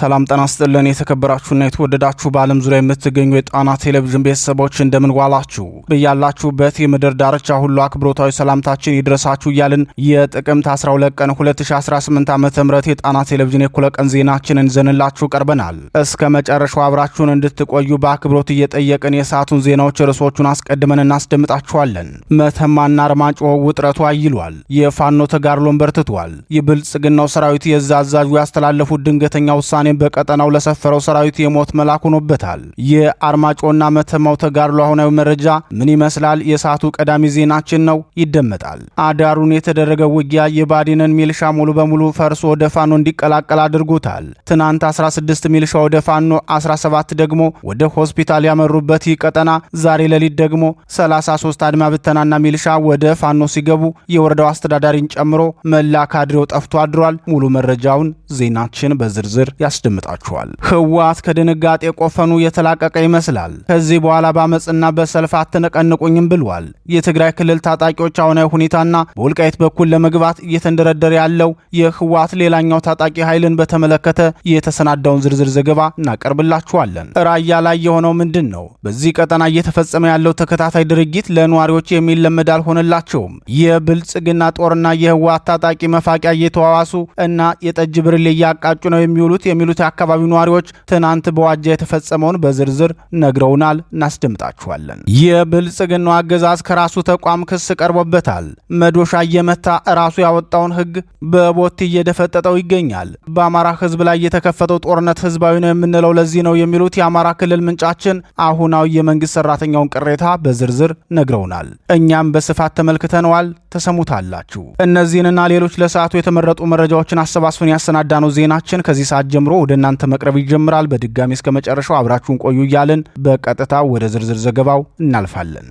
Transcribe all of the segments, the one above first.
ሰላም ጠና ስጥልን የተከበራችሁና የተወደዳችሁ በዓለም ዙሪያ የምትገኙ የጣና ቴሌቪዥን ቤተሰቦች እንደምን ዋላችሁ። በያላችሁበት የምድር ዳርቻ ሁሉ አክብሮታዊ ሰላምታችን ይድረሳችሁ እያልን የጥቅምት 12 ቀን 2018 ዓ ም የጣና ቴሌቪዥን የኩለ ቀን ዜናችንን ይዘንላችሁ ቀርበናል። እስከ መጨረሻው አብራችሁን እንድትቆዩ በአክብሮት እየጠየቅን የሰዓቱን ዜናዎች ርዕሶቹን አስቀድመን እናስደምጣችኋለን። መተማና አርማጭሆ ውጥረቱ አይሏል። የፋኖ ተጋድሎን በርትቷል። የብልጽግናው ሰራዊት የዛዛዡ ያስተላለፉት ድንገተኛ ውሳኔ ጭካኔን በቀጠናው ለሰፈረው ሰራዊት የሞት መልአክ ሆኖበታል። የአርማጮና መተማው ተጋድሎ አሁናዊ መረጃ ምን ይመስላል? የሰዓቱ ቀዳሚ ዜናችን ነው፣ ይደመጣል። አዳሩን የተደረገ ውጊያ የባዲንን ሚልሻ ሙሉ በሙሉ ፈርሶ ወደ ፋኖ እንዲቀላቀል አድርጎታል። ትናንት 16 ሚልሻ ወደ ፋኖ 17 ደግሞ ወደ ሆስፒታል ያመሩበት ይህ ቀጠና ዛሬ ሌሊት ደግሞ 33 አድማ ብተናና ሚልሻ ወደ ፋኖ ሲገቡ የወረዳው አስተዳዳሪን ጨምሮ መላ ካድሬው ጠፍቶ አድሯል። ሙሉ መረጃውን ዜናችን በዝርዝር ያስ ያስደምጣችኋል። ህወሓት ከድንጋጤ ቆፈኑ የተላቀቀ ይመስላል። ከዚህ በኋላ በአመፅና በሰልፍ አትነቀንቁኝም ብሏል። የትግራይ ክልል ታጣቂዎች አሁናዊ ሁኔታና በወልቃይት በኩል ለመግባት እየተንደረደረ ያለው የህወሓት ሌላኛው ታጣቂ ኃይልን በተመለከተ የተሰናዳውን ዝርዝር ዘገባ እናቀርብላችኋለን። ራያ ላይ የሆነው ምንድን ነው? በዚህ ቀጠና እየተፈጸመ ያለው ተከታታይ ድርጊት ለነዋሪዎች የሚለመድ አልሆነላቸውም። የብልጽግና ጦርና የህወሓት ታጣቂ መፋቂያ እየተዋዋሱ እና የጠጅ ብርሌ እያቃጩ ነው የሚውሉት የሚሉ የሚሉት የአካባቢው ነዋሪዎች ትናንት በዋጃ የተፈጸመውን በዝርዝር ነግረውናል። እናስደምጣችኋለን። የብልጽግናው አገዛዝ ከራሱ ተቋም ክስ ቀርቦበታል። መዶሻ እየመታ ራሱ ያወጣውን ህግ በቦት እየደፈጠጠው ይገኛል። በአማራ ህዝብ ላይ የተከፈተው ጦርነት ህዝባዊ ነው የምንለው ለዚህ ነው የሚሉት የአማራ ክልል ምንጫችን አሁናዊ የመንግስት ሰራተኛውን ቅሬታ በዝርዝር ነግረውናል። እኛም በስፋት ተመልክተነዋል። ተሰሙታላችሁ። እነዚህንና ሌሎች ለሰዓቱ የተመረጡ መረጃዎችን አሰባስበን ያሰናዳነው ዜናችን ከዚህ ሰዓት ጀምሮ ወደ እናንተ መቅረብ ይጀምራል። በድጋሚ እስከ መጨረሻው አብራችሁን ቆዩ እያልን በቀጥታ ወደ ዝርዝር ዘገባው እናልፋለን።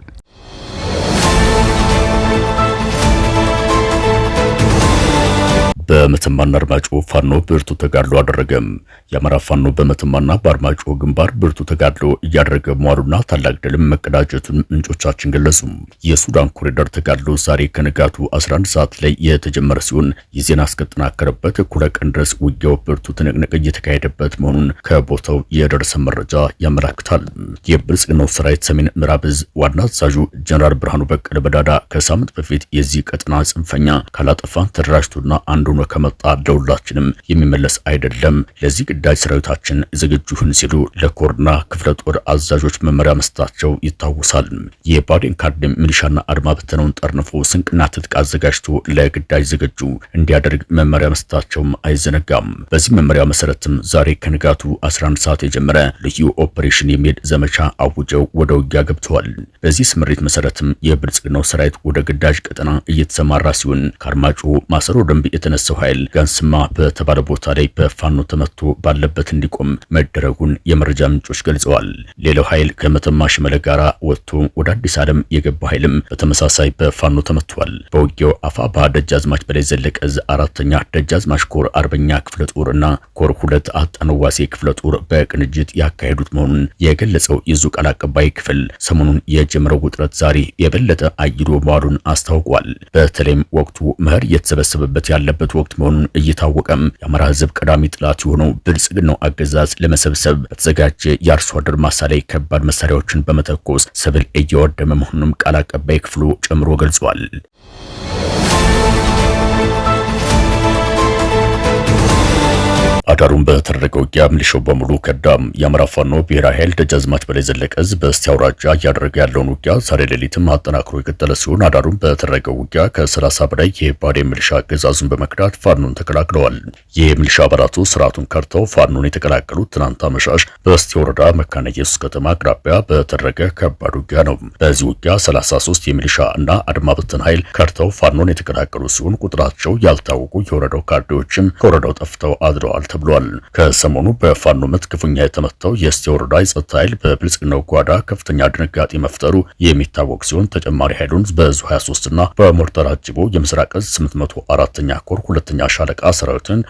በመተማና አርማጮ ፋኖ ብርቱ ተጋድሎ አደረገም። የአማራ ፋኖ በመተማና በአርማጮ ግንባር ብርቱ ተጋድሎ እያደረገ መዋሉና ታላቅ ድልም መቀዳጀቱን ምንጮቻችን ገለጹ። የሱዳን ኮሪደር ተጋድሎ ዛሬ ከንጋቱ 11 ሰዓት ላይ የተጀመረ ሲሆን የዜና እስከጠናከረበት እኩለ ቀን ድረስ ውጊያው ብርቱ ትንቅንቅ እየተካሄደበት መሆኑን ከቦታው የደረሰ መረጃ ያመላክታል። የብልጽግናው ሰራዊት ሰሜን ምዕራብ እዝ ዋና አዛዡ ጀነራል ብርሃኑ በቀለ በዳዳ ከሳምንት በፊት የዚህ ቀጠና ጽንፈኛ ካላጠፋን ተደራጅቶና አንዱ ሆኖ ከመጣ ለሁላችንም የሚመለስ አይደለም። ለዚህ ግዳጅ ሰራዊታችን ዝግጁ ይሁን ሲሉ ለኮርና ክፍለ ጦር አዛዦች መመሪያ መስጠታቸው ይታወሳል። የባዴን ካርድ ሚሊሻና አድማ በተነውን ጠርንፎ ስንቅና ትጥቅ አዘጋጅቶ ለግዳጅ ዝግጁ እንዲያደርግ መመሪያ መስጠታቸውም አይዘነጋም። በዚህ መመሪያ መሰረትም ዛሬ ከንጋቱ 11 ሰዓት የጀመረ ልዩ ኦፕሬሽን የሚል ዘመቻ አውጀው ወደ ውጊያ ገብተዋል። በዚህ ስምሪት መሰረትም የብልጽግናው ሰራዊት ወደ ግዳጅ ቀጠና እየተሰማራ ሲሆን ከአርማጭሆ ማሰሮ ደንብ የተነሳ የመለሰው ኃይል ጋንስማ በተባለ ቦታ ላይ በፋኖ ተመቶ ባለበት እንዲቆም መደረጉን የመረጃ ምንጮች ገልጸዋል። ሌላው ኃይል ከመተማ ሽመለ ወጥቶ ወደ አዲስ ዓለም የገባ ኃይልም በተመሳሳይ በፋኖ ተመቷል። በውጊያው አፋባ ደጃዝማች በላይ ዘለቀ ዕዝ አራተኛ ደጃዝማች ኮር አርበኛ ክፍለ ጦር እና ኮር ሁለት አጣነዋሴ ክፍለ ጦር በቅንጅት ያካሄዱት መሆኑን የገለጸው የዙ ቃል አቀባይ ክፍል ሰሞኑን የጀመረው ውጥረት ዛሬ የበለጠ አይሎ መዋሉን አስታውቋል። በተለይም ወቅቱ መኸር እየተሰበሰበበት ያለበት ወቅት መሆኑን እየታወቀም የአማራ ህዝብ ቀዳሚ ጥላት የሆነው ብልጽግናው አገዛዝ ለመሰብሰብ በተዘጋጀ የአርሶ አደር ማሳ ላይ ከባድ መሳሪያዎችን በመተኮስ ሰብል እየወደመ መሆኑንም ቃል አቀባይ ክፍሉ ጨምሮ ገልጿል። አዳሩን በተደረገ ውጊያ ሚሊሻው በሙሉ ከዳም። የአማራ ፋኖ ብሔራዊ ኃይል ደጃዝማች በላይ ዘለቀ ዝ በእስቴ አውራጃ እያደረገ ያለውን ውጊያ ዛሬ ሌሊትም አጠናክሮ የቀጠለ ሲሆን አዳሩን በተደረገ ውጊያ ከ30 በላይ የባዴ ምልሻ አገዛዙን በመክዳት ፋኖን ተቀላቅለዋል። የሚሊሻ አባላቱ ስርዓቱን ከርተው ፋኖን የተቀላቀሉት ትናንት አመሻሽ በስቲ ወረዳ መካነ ኢየሱስ ከተማ አቅራቢያ በተደረገ ከባድ ውጊያ ነው። በዚህ ውጊያ 33 የሚሊሻ እና አድማ ኃይል ከርተው ፋኖን የተቀላቀሉ ሲሆን ቁጥራቸው ያልታወቁ የወረዳው ካድሬዎችም ከወረዳው ጠፍተው አድረዋል ተብሏል። ከሰሞኑ በፋኖ ምት ክፉኛ የተመታው የእስቴ ወረዳ የጸጥታ ኃይል በብልጽግናው ጓዳ ከፍተኛ ድንጋጤ መፍጠሩ የሚታወቅ ሲሆን ተጨማሪ ኃይሉን በዙ 23 እና በሞርተር አጅቦ የምስራቅ ዕዝ 804ኛ ኮር ሁለተኛ ሻለቃ ሰራዊትን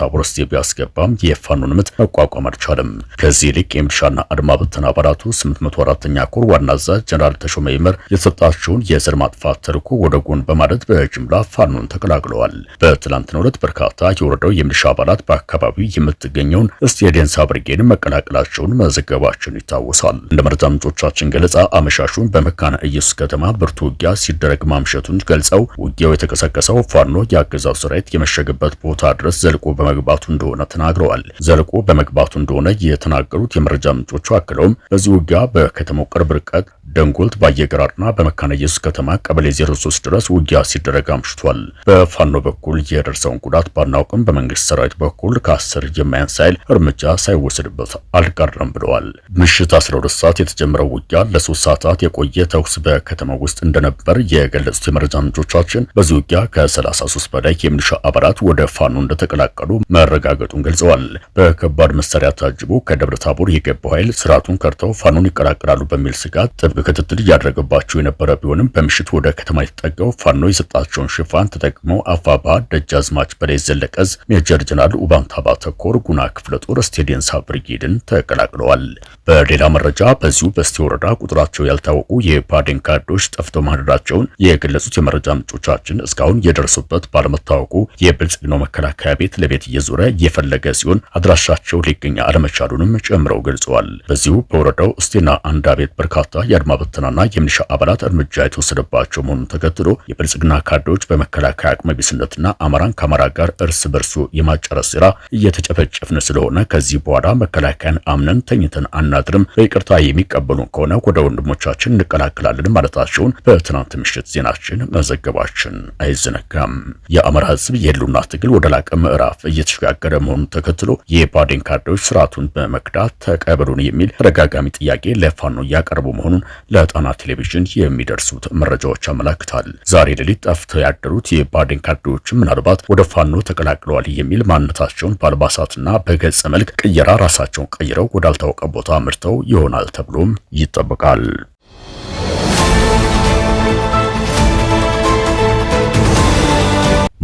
ታቦር እስቴ ቢያስገባም የፋኖን ምት መቋቋም አልቻለም። ከዚህ ይልቅ የሚሊሻና አድማ ብተና አባላቱ 804ኛ ኮር ዋና አዛዥ ጀነራል ተሾመ ይመር የተሰጣቸውን የዘር ማጥፋት ተልዕኮ ወደ ጎን በማለት በጅምላ ፋኖን ተቀላቅለዋል። በትላንትናው ዕለት በርካታ የወረዳው የሚሊሻ አባላት በአካባቢ አካባቢ የምትገኘውን ስቴደንሳ ብርጌድን መቀላቀላቸውን መዘገባችን ይታወሳል። እንደ መረጃ ምንጮቻችን ገለጻ አመሻሹን በመካነ ኢየሱስ ከተማ ብርቱ ውጊያ ሲደረግ ማምሸቱን ገልጸው ውጊያው የተቀሰቀሰው ፋኖ የአገዛዙ ሰራዊት የመሸገበት ቦታ ድረስ ዘልቆ በመግባቱ እንደሆነ ተናግረዋል። ዘልቆ በመግባቱ እንደሆነ የተናገሩት የመረጃ ምንጮቹ አክለውም በዚህ ውጊያ በከተማው ቅርብ ርቀት ደንጎልት ባየግራርና በመካነ ኢየሱስ ከተማ ቀበሌ 03 ድረስ ውጊያ ሲደረግ አምሽቷል። በፋኖ በኩል የደርሰውን ጉዳት ባናውቅም በመንግስት ሰራዊት በኩል ከአስር የማያንስ ኃይል እርምጃ ሳይወሰድበት አልቀረም ብለዋል። ምሽት 12 ሰዓት የተጀመረው ውጊያ ለሶስት ሰዓታት የቆየ ተኩስ በከተማ ውስጥ እንደነበር የገለጹት የመረጃ ምንጮቻችን በዚህ ውጊያ ከ33 በላይ የሚሊሻ አባላት ወደ ፋኖ እንደተቀላቀሉ መረጋገጡን ገልጸዋል። በከባድ መሳሪያ ታጅቦ ከደብረ ታቦር የገባው ኃይል ስርዓቱን ከርተው ፋኖን ይቀላቀላሉ በሚል ስጋት ጥብቅ ክትትል እያደረገባቸው የነበረ ቢሆንም በምሽት ወደ ከተማ የተጠጋው ፋኖ የሰጣቸውን ሽፋን ተጠቅመው አፋባ ደጃዝማች በላይ ዘለቀዝ ሜጀር ጀነራል ኡባንታ አበባ ተኮር ጉና ክፍለ ጦር ስቴዲየንሳ ብርጌድን ተቀላቅለዋል። በሌላ መረጃ በዚሁ በስቴ ወረዳ ቁጥራቸው ያልታወቁ የባዴን ካርዶች ጠፍተው ማደዳቸውን የገለጹት የመረጃ ምንጮቻችን እስካሁን የደረሱበት ባለመታወቁ የብልጽግናው መከላከያ ቤት ለቤት እየዞረ እየፈለገ ሲሆን አድራሻቸው ሊገኝ አለመቻሉንም ጨምረው ገልጸዋል። በዚሁ በወረዳው እስቴና አንዳ ቤት በርካታ የአድማ በተናና የሚሊሻ አባላት እርምጃ የተወሰደባቸው መሆኑን ተከትሎ የብልጽግና ካርዶች በመከላከያ አቅመ ቢስነትና አማራን ከአማራ ጋር እርስ በርሱ የማጨረስ ስራ እየተጨፈጨፍን ስለሆነ ከዚህ በኋላ መከላከያን አምነን ተኝተን አናድርም፣ በይቅርታ የሚቀበሉን ከሆነ ወደ ወንድሞቻችን እንቀላቅላለን ማለታቸውን በትናንት ምሽት ዜናችን መዘገባችን አይዘነጋም። የአማራ ህዝብ የህልውና ትግል ወደ ላቀ ምዕራፍ እየተሸጋገረ መሆኑን ተከትሎ የባዴን ካድሬዎች ስርዓቱን በመክዳት ተቀበሉን የሚል ተደጋጋሚ ጥያቄ ለፋኖ እያቀረቡ መሆኑን ለጣና ቴሌቪዥን የሚደርሱት መረጃዎች አመላክታል። ዛሬ ሌሊት ጠፍተው ያደሩት የባዴን ካድሬዎችም ምናልባት ወደ ፋኖ ተቀላቅለዋል የሚል ማንነታቸውን አሁን በአልባሳትና በገጽ መልክ ቅየራ ራሳቸውን ቀይረው ወዳልታወቀ ቦታ አምርተው ይሆናል ተብሎም ይጠበቃል።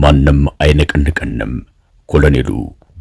ማንም አይነቅንቅንም ኮሎኔሉ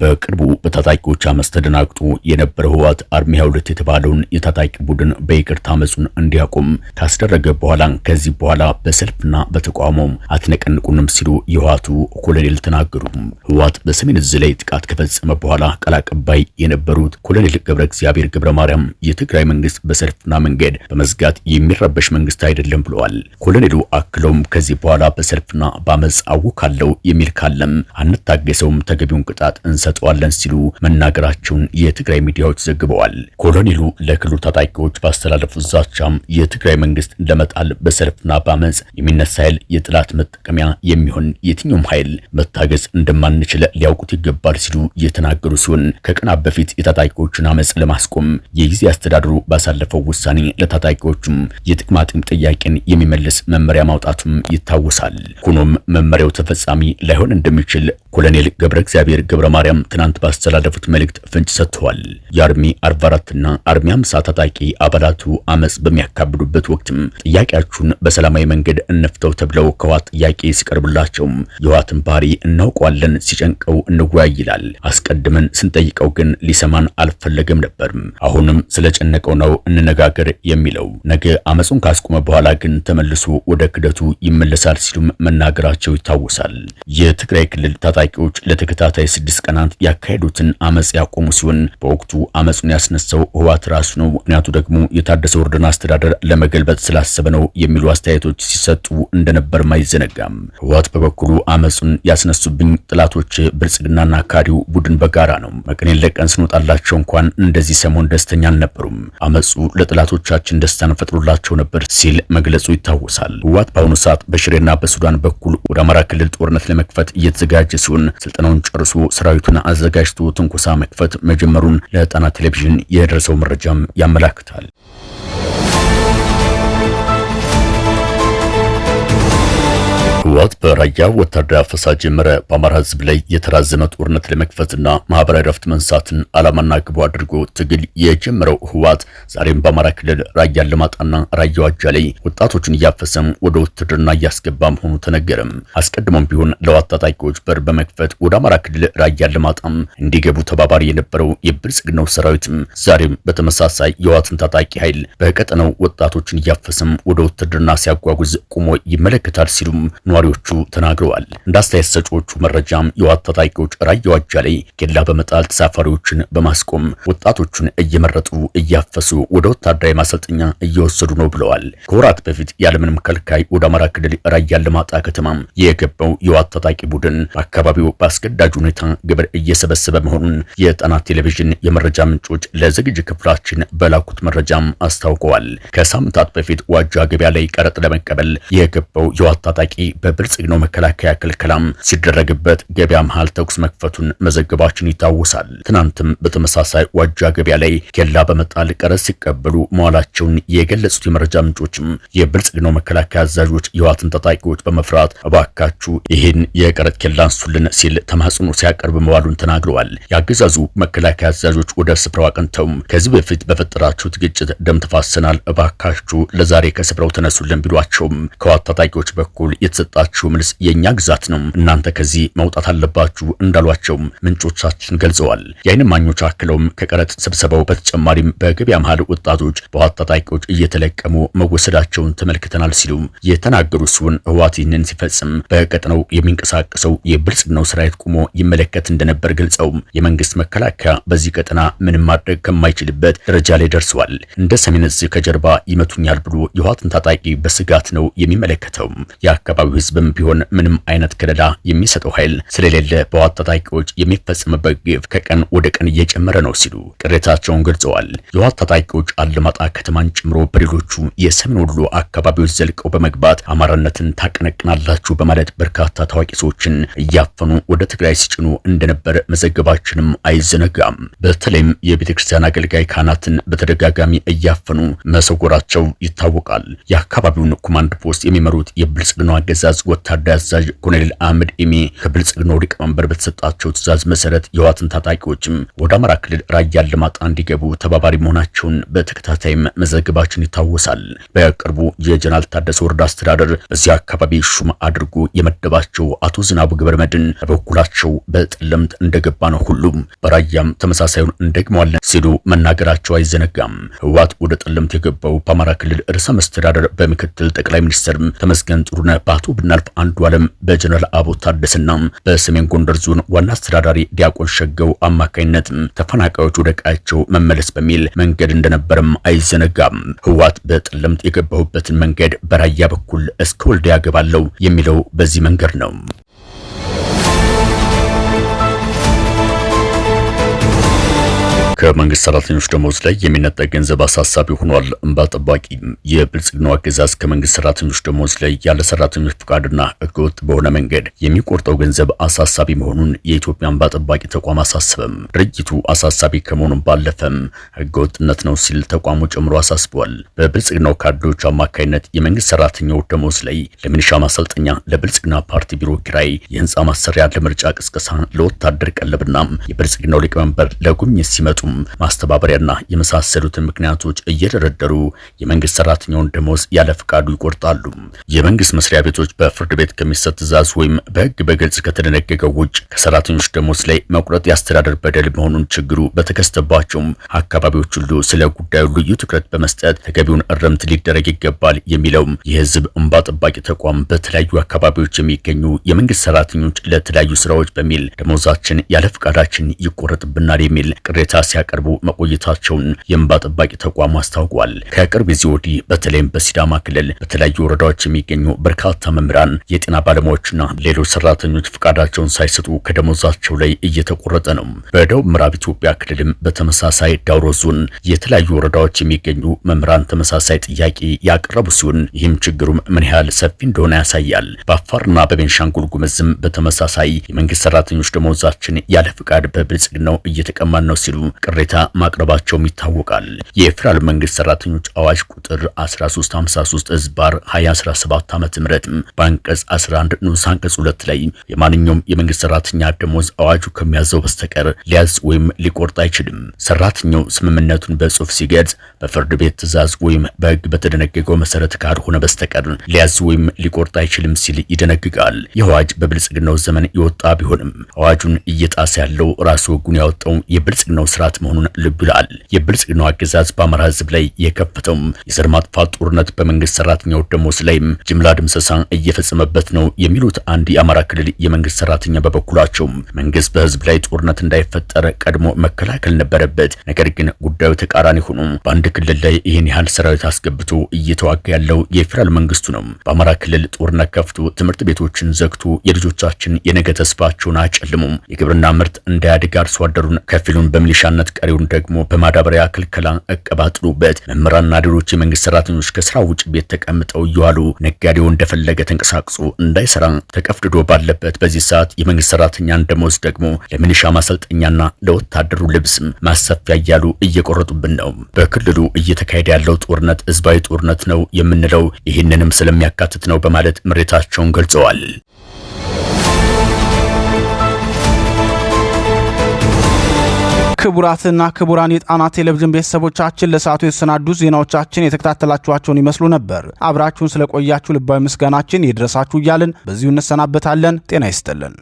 በቅርቡ በታጣቂዎች አመፅ ተደናግጦ የነበረው ህወሓት አርሚ 22 የተባለውን የታጣቂ ቡድን በይቅርታ አመፁን እንዲያቆም ካስደረገ በኋላ ከዚህ በኋላ በሰልፍና በተቃውሞም አትነቀንቁንም ሲሉ የህወሓቱ ኮሎኔል ተናገሩ። ህወሓት በሰሜን እዝ ላይ ጥቃት ከፈጸመ በኋላ ቃል አቀባይ የነበሩት ኮሎኔል ገብረ እግዚአብሔር ገብረ ማርያም የትግራይ መንግስት በሰልፍና መንገድ በመዝጋት የሚረበሽ መንግስት አይደለም ብለዋል። ኮሎኔሉ አክለውም ከዚህ በኋላ በሰልፍና በአመፅ አውካለው የሚል ካለም አንታገሰውም ተገቢውን ቅጣት እንሰ እንሰጠዋለን ሲሉ መናገራቸውን የትግራይ ሚዲያዎች ዘግበዋል። ኮሎኔሉ ለክልሉ ታጣቂዎች ባስተላለፉ ዛቻም የትግራይ መንግስት ለመጣል በሰልፍና በአመፅ የሚነሳ ኃይል የጥላት መጠቀሚያ የሚሆን የትኛውም ኃይል መታገዝ እንደማንችል ሊያውቁት ይገባል ሲሉ የተናገሩ ሲሆን ከቀናት በፊት የታጣቂዎቹን አመፅ ለማስቆም የጊዜ አስተዳደሩ ባሳለፈው ውሳኔ ለታጣቂዎቹም የጥቅማ ጥያቄን የሚመልስ መመሪያ ማውጣቱም ይታወሳል። ሆኖም መመሪያው ተፈጻሚ ላይሆን እንደሚችል ኮሎኔል ገብረ እግዚአብሔር ገብረ ማርያም ሻለቃም ትናንት ባስተላለፉት መልእክት ፍንጭ ሰጥተዋል። የአርሚ 44ና አርሚ 50 ታጣቂ አባላቱ አመጽ በሚያካብዱበት ወቅትም ጥያቄያችሁን በሰላማዊ መንገድ እንፍተው ተብለው ከህወሓት ጥያቄ ሲቀርብላቸው የህወሓትን ባህሪ እናውቀዋለን፣ ሲጨንቀው እንወያይ ይላል። አስቀድመን ስንጠይቀው ግን ሊሰማን አልፈለገም ነበር። አሁንም ስለጨነቀው ነው እንነጋገር የሚለው። ነገ አመጹን ካስቆመ በኋላ ግን ተመልሶ ወደ ክደቱ ይመለሳል ሲሉም መናገራቸው ይታወሳል። የትግራይ ክልል ታጣቂዎች ለተከታታይ ስድስት ቀናት ትናንት ያካሄዱትን አመጽ ያቆሙ ሲሆን በወቅቱ አመጹን ያስነሳው ህወሓት ራሱ ነው፣ ምክንያቱ ደግሞ የታደሰ ወረደን አስተዳደር ለመገልበጥ ስላሰበ ነው የሚሉ አስተያየቶች ሲሰጡ እንደነበርም አይዘነጋም። ህወሓት በበኩሉ አመጹን ያስነሱብኝ ጥላቶች ብልጽግናና አካሪው ቡድን በጋራ ነው፣ መቀሌን ለቀን ስንወጣላቸው እንኳን እንደዚህ ሰሞን ደስተኛ አልነበሩም፣ አመጹ ለጥላቶቻችን ደስታን ፈጥሮላቸው ነበር ሲል መግለጹ ይታወሳል። ህወሓት በአሁኑ ሰዓት በሽሬና በሱዳን በኩል ወደ አማራ ክልል ጦርነት ለመክፈት እየተዘጋጀ ሲሆን ስልጠናውን ጨርሶ ሰራዊቱን ፕላን አዘጋጅቶ ትንኮሳ መክፈት መጀመሩን ለጣና ቴሌቪዥን የደረሰው መረጃም ያመላክታል። ህወሓት በራያ ወታደራዊ አፈሳ ጀመረ። በአማራ ህዝብ ላይ የተራዘመ ጦርነት ለመክፈትና ማህበራዊ ረፍት መንሳትን አላማና ግቡ አድርጎ ትግል የጀመረው ህወሓት ዛሬም በአማራ ክልል ራያን ለማጣና ራያ ዋጃ ላይ ወጣቶችን እያፈሰም ወደ ውትድርና እያስገባ መሆኑ ተነገረም። አስቀድሞም ቢሆን ለዋት ታጣቂዎች በር በመክፈት ወደ አማራ ክልል ራያን ለማጣም እንዲገቡ ተባባሪ የነበረው የብልጽግናው ሰራዊትም ዛሬም በተመሳሳይ የዋትን ታጣቂ ኃይል በቀጠነው ወጣቶችን እያፈሰም ወደ ውትድርና ሲያጓጉዝ ቁሞ ይመለከታል ሲሉም ነዋሪዎቹ ተናግረዋል። እንደ አስተያየት ሰጪዎቹ መረጃም የዋት ታጣቂዎች ራያ ዋጃ ላይ ኬላ በመጣል ተሳፋሪዎችን በማስቆም ወጣቶቹን እየመረጡ እያፈሱ ወደ ወታደራዊ ማሰልጠኛ እየወሰዱ ነው ብለዋል። ከወራት በፊት ያለምንም ከልካይ ወደ አማራ ክልል ራያን ለማጣ ከተማም የገባው የዋት ታጣቂ ቡድን በአካባቢው በአስገዳጅ ሁኔታ ግብር እየሰበሰበ መሆኑን የጣና ቴሌቪዥን የመረጃ ምንጮች ለዝግጅ ክፍላችን በላኩት መረጃም አስታውቀዋል። ከሳምንታት በፊት ዋጃ ገበያ ላይ ቀረጥ ለመቀበል የገባው የዋት ታጣቂ በብልጽግናው መከላከያ ክልከላም ሲደረግበት ገበያ መሃል ተኩስ መክፈቱን መዘገባችን ይታወሳል። ትናንትም በተመሳሳይ ዋጃ ገበያ ላይ ኬላ በመጣል ቀረጥ ሲቀበሉ መዋላቸውን የገለጹት የመረጃ ምንጮችም የብልጽግናው መከላከያ አዛዦች የህወሓትን ታጣቂዎች በመፍራት እባካችሁ ይህን የቀረጥ ኬላ አንሱልን ሲል ተማጽኖ ሲያቀርብ መዋሉን ተናግረዋል። የአገዛዙ መከላከያ አዛዦች ወደ ስፍራው አቅንተውም ከዚህ በፊት በፈጠራችሁት ግጭት ደም ተፋሰናል፣ እባካችሁ ለዛሬ ከስፍራው ተነሱልን ቢሏቸውም ከህወሓት ታጣቂዎች በኩል የተሰጠ የሰጣችሁ መልስ የእኛ ግዛት ነው፣ እናንተ ከዚህ መውጣት አለባችሁ እንዳሏቸውም ምንጮቻችን ገልጸዋል። የአይን ማኞች አክለውም ከቀረጥ ስብሰባው በተጨማሪም በገበያ መሃል ወጣቶች በህወሓት ታጣቂዎች እየተለቀሙ መወሰዳቸውን ተመልክተናል ሲሉ የተናገሩ ሲሆን ህወሓት ይህንን ሲፈጽም በቀጠናው የሚንቀሳቀሰው የብልጽግናው ሰራዊት ቁሞ ይመለከት እንደነበር ገልጸው የመንግስት መከላከያ በዚህ ቀጠና ምንም ማድረግ ከማይችልበት ደረጃ ላይ ደርሰዋል። እንደ ሰሜን እዝ ከጀርባ ይመቱኛል ብሎ የህወሓትን ታጣቂ በስጋት ነው የሚመለከተው። የአካባቢው ህዝብም ቢሆን ምንም አይነት ከለላ የሚሰጠው ኃይል ስለሌለ በዋት ታጣቂዎች የሚፈጸምበት ግፍ ከቀን ወደ ቀን እየጨመረ ነው ሲሉ ቅሬታቸውን ገልጸዋል። የዋት ታጣቂዎች አለማጣ ከተማን ጨምሮ በሌሎቹ የሰሜን ወሎ አካባቢዎች ዘልቀው በመግባት አማራነትን ታቀነቅናላችሁ በማለት በርካታ ታዋቂ ሰዎችን እያፈኑ ወደ ትግራይ ሲጭኑ እንደነበር መዘገባችንም አይዘነጋም። በተለይም የቤተክርስቲያን አገልጋይ ካህናትን በተደጋጋሚ እያፈኑ መሰጎራቸው ይታወቃል። የአካባቢውን ኮማንድ ፖስት የሚመሩት የብልጽግና አገዛዝ አገዛዝ ወታደር አዛዥ ኮሎኔል አህመድ ኢሜ ከብልጽግናው ሊቀመንበር በተሰጣቸው ትዕዛዝ መሰረት የህወሓትን ታጣቂዎችም ወደ አማራ ክልል ራያ ለማጣ እንዲገቡ ተባባሪ መሆናቸውን በተከታታይም መዘገባችን ይታወሳል። በቅርቡ የጀነራል ታደሰ ወረዳ አስተዳደር በዚህ አካባቢ ሹም አድርጎ የመደባቸው አቶ ዝናቡ መድን በበኩላቸው በጠለምት እንደገባ ነው ሁሉም በራያም ተመሳሳዩን እንደግመዋለን ሲሉ መናገራቸው አይዘነጋም። ህወሓት ወደ ጠለምት የገባው በአማራ ክልል ርዕሰ መስተዳደር በምክትል ጠቅላይ ሚኒስትር ተመስገን ጥሩነህ በአቶ ብናልፍ አንዱ ዓለም በጀነራል አቦ ታደሰና በሰሜን ጎንደር ዞን ዋና አስተዳዳሪ ዲያቆን ሸገው አማካኝነት ተፈናቃዮች ወደ ቀያቸው መመለስ በሚል መንገድ እንደነበረም አይዘነጋም። ህወሓት በጠለምት የገባሁበትን መንገድ በራያ በኩል እስከ ወልዲያ የሚለው በዚህ መንገድ ነው። ከመንግስት ሰራተኞች ደሞዝ ላይ የሚነጠቅ ገንዘብ አሳሳቢ ሆኗል። እንባ ጠባቂ የብልጽግናው አገዛዝ ከመንግስት ሰራተኞች ደሞዝ ላይ ያለ ሰራተኞች ፍቃድና ህገወጥ በሆነ መንገድ የሚቆርጠው ገንዘብ አሳሳቢ መሆኑን የኢትዮጵያ እንባ ጠባቂ ተቋም አሳሰበም። ድርጊቱ አሳሳቢ ከመሆኑን ባለፈም ህገወጥነት ነው ሲል ተቋሙ ጨምሮ አሳስበዋል። በብልጽግናው ካድሬዎች አማካይነት የመንግስት ሰራተኛው ደሞዝ ላይ ለሚኒሻ ማሰልጠኛ፣ ለብልጽግና ፓርቲ ቢሮ ኪራይ፣ የህንፃ ማሰሪያ፣ ለምርጫ ቅስቀሳ፣ ለወታደር ቀለብና የብልጽግናው ሊቀመንበር ለጉብኝት ሲመጡ ምክንያቱም ማስተባበሪያና የመሳሰሉትን ምክንያቶች እየደረደሩ የመንግስት ሰራተኛውን ደሞዝ ያለ ፍቃዱ ይቆርጣሉ። የመንግስት መስሪያ ቤቶች በፍርድ ቤት ከሚሰጥ ትዕዛዝ ወይም በህግ በግልጽ ከተደነገገው ውጭ ከሰራተኞች ደሞዝ ላይ መቁረጥ የአስተዳደር በደል መሆኑን ችግሩ በተከሰተባቸውም አካባቢዎች ሁሉ ስለ ጉዳዩ ልዩ ትኩረት በመስጠት ተገቢውን እርምት ሊደረግ ይገባል የሚለውም የህዝብ እንባ ጠባቂ ተቋም በተለያዩ አካባቢዎች የሚገኙ የመንግስት ሰራተኞች ለተለያዩ ስራዎች በሚል ደሞዛችን ያለ ፍቃዳችን ይቆረጥብናል የሚል ቅሬታ ሲያቀርቡ መቆየታቸውን የእንባ ጠባቂ ተቋም አስታውቋል። ከቅርብ ጊዜ ወዲህ በተለይም በሲዳማ ክልል በተለያዩ ወረዳዎች የሚገኙ በርካታ መምህራን፣ የጤና ባለሙያዎችና ሌሎች ሰራተኞች ፈቃዳቸውን ሳይሰጡ ከደሞዛቸው ላይ እየተቆረጠ ነው። በደቡብ ምዕራብ ኢትዮጵያ ክልልም በተመሳሳይ ዳውሮ ዞን የተለያዩ ወረዳዎች የሚገኙ መምህራን ተመሳሳይ ጥያቄ ያቀረቡ ሲሆን ይህም ችግሩም ምን ያህል ሰፊ እንደሆነ ያሳያል። በአፋርና በቤንሻንጉል ጉመዝም በተመሳሳይ የመንግስት ሰራተኞች ደሞዛችን ያለ ፍቃድ በብልጽግናው እየተቀማን ነው ሲሉ ቅሬታ ማቅረባቸውም ይታወቃል። የፌዴራል መንግስት ሰራተኞች አዋጅ ቁጥር 1353 እዝባር 2017 ዓመተ ምህረት በአንቀጽ 11 ንዑስ አንቀጽ 2 ላይ የማንኛውም የመንግስት ሰራተኛ ደሞዝ አዋጁ ከሚያዘው በስተቀር ሊያዝ ወይም ሊቆርጥ አይችልም። ሰራተኛው ስምምነቱን በጽሁፍ ሲገልጽ በፍርድ ቤት ትእዛዝ ወይም በህግ በተደነገገው መሰረት ካልሆነ በስተቀር ሊያዝ ወይም ሊቆርጥ አይችልም ሲል ይደነግጋል። ይህ አዋጅ በብልጽግናው ዘመን የወጣ ቢሆንም አዋጁን እየጣሰ ያለው ራሱ ህጉን ያወጣው የብልጽግናው ስርዓት ስርዓት መሆኑን ልብ ይላል። የብልጽግናው አገዛዝ በአማራ ህዝብ ላይ የከፈተው የዘር ማጥፋት ጦርነት በመንግስት ሰራተኛው ደሞዝ ላይም ጅምላ ድምሰሳ እየፈጸመበት ነው የሚሉት አንድ የአማራ ክልል የመንግስት ሰራተኛ በበኩላቸው መንግስት በህዝብ ላይ ጦርነት እንዳይፈጠር ቀድሞ መከላከል ነበረበት፣ ነገር ግን ጉዳዩ ተቃራኒ ሆኖ በአንድ ክልል ላይ ይህን ያህል ሰራዊት አስገብቶ እየተዋጋ ያለው የፌዴራል መንግስቱ ነው። በአማራ ክልል ጦርነት ከፍቶ ትምህርት ቤቶችን ዘግቶ የልጆቻችን የነገ ተስፋቸውን አጨልሙም፣ የግብርና ምርት እንዳያድግ አርሶ አደሩን ከፊሉን በሚሊሻነት ቀናት ቀሪውን ደግሞ በማዳበሪያ ክልከላ እቀባ ጥሎበት መምህራንና ሌሎች የመንግስት ሰራተኞች ከስራ ውጭ ቤት ተቀምጠው እየዋሉ ነጋዴው እንደፈለገ ተንቀሳቅሶ እንዳይሰራ ተቀፍድዶ ባለበት በዚህ ሰዓት የመንግስት ሰራተኛን ደሞዝ ደግሞ ለሚሊሻ ማሰልጠኛና ለወታደሩ ልብስም ማሰፊያ እያሉ እየቆረጡብን ነው። በክልሉ እየተካሄደ ያለው ጦርነት ህዝባዊ ጦርነት ነው የምንለው ይህንንም ስለሚያካትት ነው በማለት ምሬታቸውን ገልጸዋል። ክቡራትና ክቡራን የጣና ቴሌቪዥን ቤተሰቦቻችን ለሰዓቱ የተሰናዱ ዜናዎቻችን የተከታተላችኋቸውን ይመስሉ ነበር። አብራችሁን ስለቆያችሁ ልባዊ ምስጋናችን ይድረሳችሁ እያልን በዚሁ እንሰናበታለን። ጤና ይስጥልን።